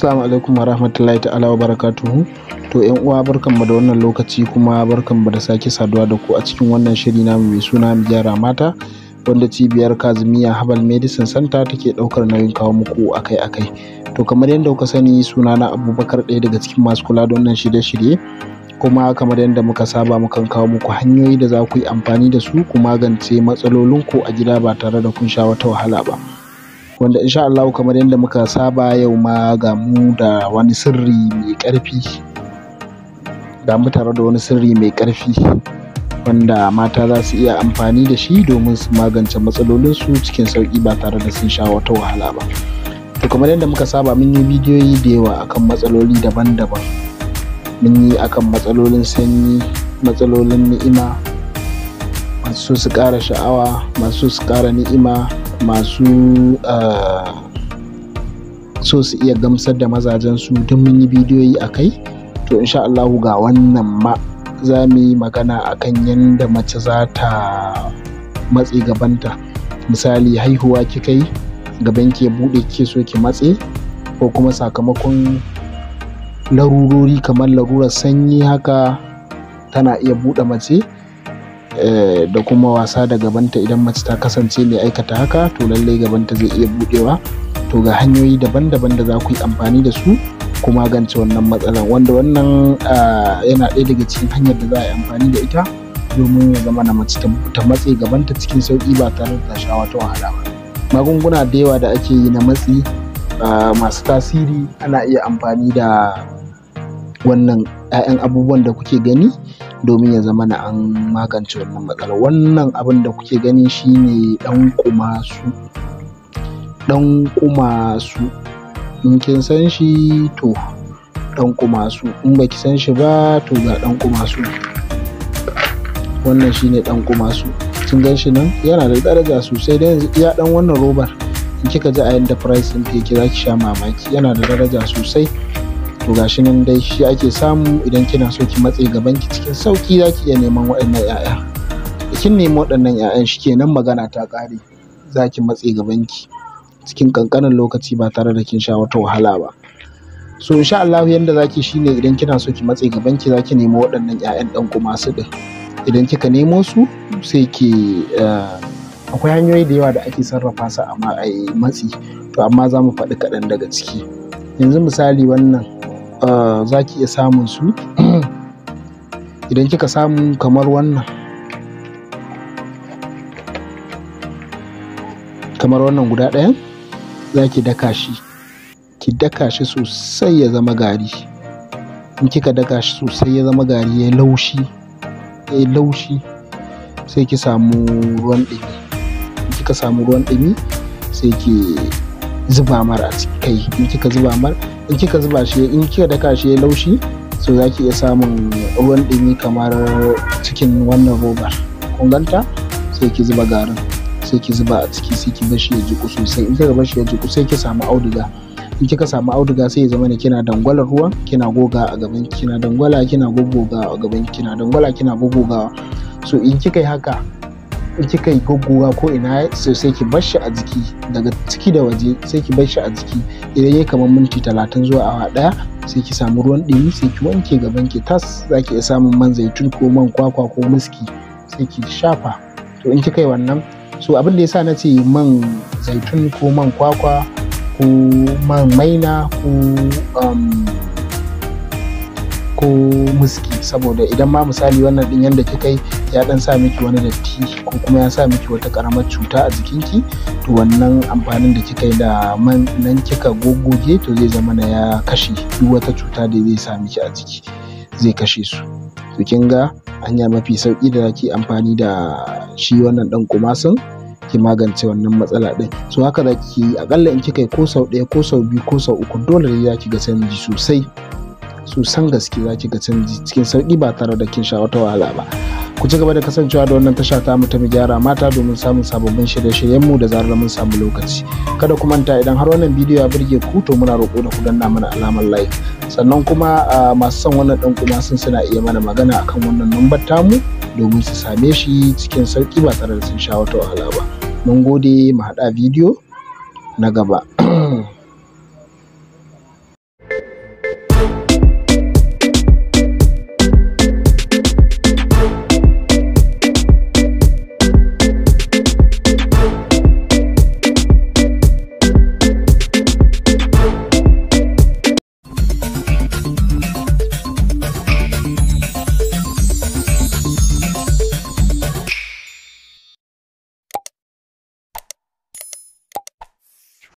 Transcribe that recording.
Assalamu alaikum wa rahmatullahi ta'ala wa barakatuhu. To yan uwa barkan mu da wannan lokaci kuma barkan mu da sake saduwa da ku a cikin wannan shiri namu mai suna mu gyara mata wanda cibiyar Kazimiya Habal Medicine Center take daukar nauyin kawo muku akai-akai. To kamar yadda kuka sani suna na Abubakar ɗaya daga cikin masu kula da wannan shirye-shirye kuma kamar yadda muka saba mukan kawo muku hanyoyi da za ku yi amfani da su ku magance matsalolin ku a gida ba tare da kun sha wata wahala ba. wanda insha Allah kamar yadda muka saba yau ma ga mu da wani sirri mai ƙarfi da mu tare da wani sirri mai ƙarfi wanda mata za su iya amfani da shi domin su magance matsalolinsu cikin sauƙi ba tare da sun sha wata wahala ba to kamar yadda muka saba mun yi bidiyoyi da yawa akan matsaloli daban-daban mun yi akan matsalolin sanyi matsalolin ni'ima masu su ƙara sha'awa masu su ƙara ni'ima masu ah, so su iya gamsar da mazajen su don mun yi bidiyoyi a kai to insha Allahu ga wannan ma za mu yi magana a kan yadda mace za ta matse gabanta misali haihuwa kika yi gaban ke buɗe ke so ki matse ko kuma sakamakon larurori kamar larurar sanyi haka tana iya buɗe mace Eh, da kuma wasa da gabanta idan mace ta kasance mai aikata haka to lallai gabanta zai iya budewa to ga hanyoyi daban-daban da za ku yi amfani da su ku magance wannan matsalar wanda wannan yana ɗaya daga cikin hanyar da za a yi amfani da ita domin ya zama na mace ta matse gabanta cikin sauƙi ba tare da ta wata wahala ba magunguna da yawa da ake yi na matsi masu tasiri ana iya amfani da wannan 'ya'yan abubuwan da kuke gani domin ya zama na an magance wannan matsalar wannan abin da kuke gani shine dan kumasu dan su in kin san shi to dan kumasu in baki san shi ba to ga dan kumasu wannan shine dan kumasu kin gan shi nan yana da daraja sosai da yanzu dan wannan robar in kika ji a yanda price din ke kira ki sha mamaki yana da daraja sosai to gashi nan dai shi ake samu idan kina so ki matse gaban cikin sauki za ki iya neman waɗannan 'ya'ya kin nemi waɗannan 'ya'yan kenan magana ta ƙare za ki matse gabanki cikin ƙanƙanin lokaci ba tare da kin sha wata wahala ba so insha Allah yanda zaki shine idan kina so ki matse gaban ki zaki nemi waɗannan 'ya'yan ɗan kuma su din idan kika nemo su sai ki eh, akwai hanyoyi da yawa da ake sarrafa su a matsi to amma za mu faɗi kaɗan daga ciki yanzu misali wannan Eh, za ki iya samun su idan kika samu kamar wannan kamar wannan guda ɗayan za ki daka shi ki daka shi sosai ya zama gari in kika daka shi sosai ya zama gari ya laushi ya laushi sai ki samu ruwan ɗumi in kika samu ruwan ɗumi sai ki zuba mar a kai in kika zuba mar in kika zuba shi in kika daka shi ya laushi so za ki iya samun ruwan ɗumi kamar cikin wannan robar kun ganta sai ki zuba garin sai ki zuba a ciki sai ki bashi ya jiku sosai in kika bashi ya jiku sai ki samu auduga in kika samu auduga sai ya zama ne kina dangwalar ruwan kina goga a gaban kina dangwala kina gogogawa a gaban kina dangwala kina gogogawa so in kika yi haka kika yi gogowa ko ina sosai ki bar shi a jiki daga ciki da waje sai ki bar shi a jiki idan yayi kamar minti talatin zuwa awa daya sai ki samu ruwan ɗumi sai ki wanke gaban ki tas za ki iya samun man zaitun ko man kwakwa ko miski sai ki shafa to in kika yi wannan so abin da yasa na ce man zaitun ko man kwakwa ko man maina ko um, ko muski saboda idan ma misali wannan din yanda kika yi ya dan sa miki wani datti ko kuma ya sa miki wata karamar cuta a jikin ki to wannan amfanin da kika yi da man nan kika goggoge to zai zama na ya kashe duk wata cuta da zai sa miki a jiki zai kashe su to kin ga hanya mafi sauki da zaki amfani da shi wannan dan kumasin ki magance wannan matsala din so haka zaki akalla in kika yi ko sau ɗaya ko sau biyu ko sau uku dole ne zaki ga canji sosai su san gaske za ki ga canji cikin sauki ba tare da kin sha wata wahala ba ku ci gaba da kasancewa da wannan tasha ta mu gyara mata domin samun sababbin shirye-shiryen mu da zarar mun samu lokaci kada ku manta idan har wannan bidiyo ya burge ku to muna roƙo da ku danna mana alamar like sannan kuma masu son wannan ɗan kuma sun suna iya mana magana a kan wannan lambar tamu domin su same shi cikin sauki ba tare da sun sha wata wahala ba mun gode mu haɗa bidiyo na gaba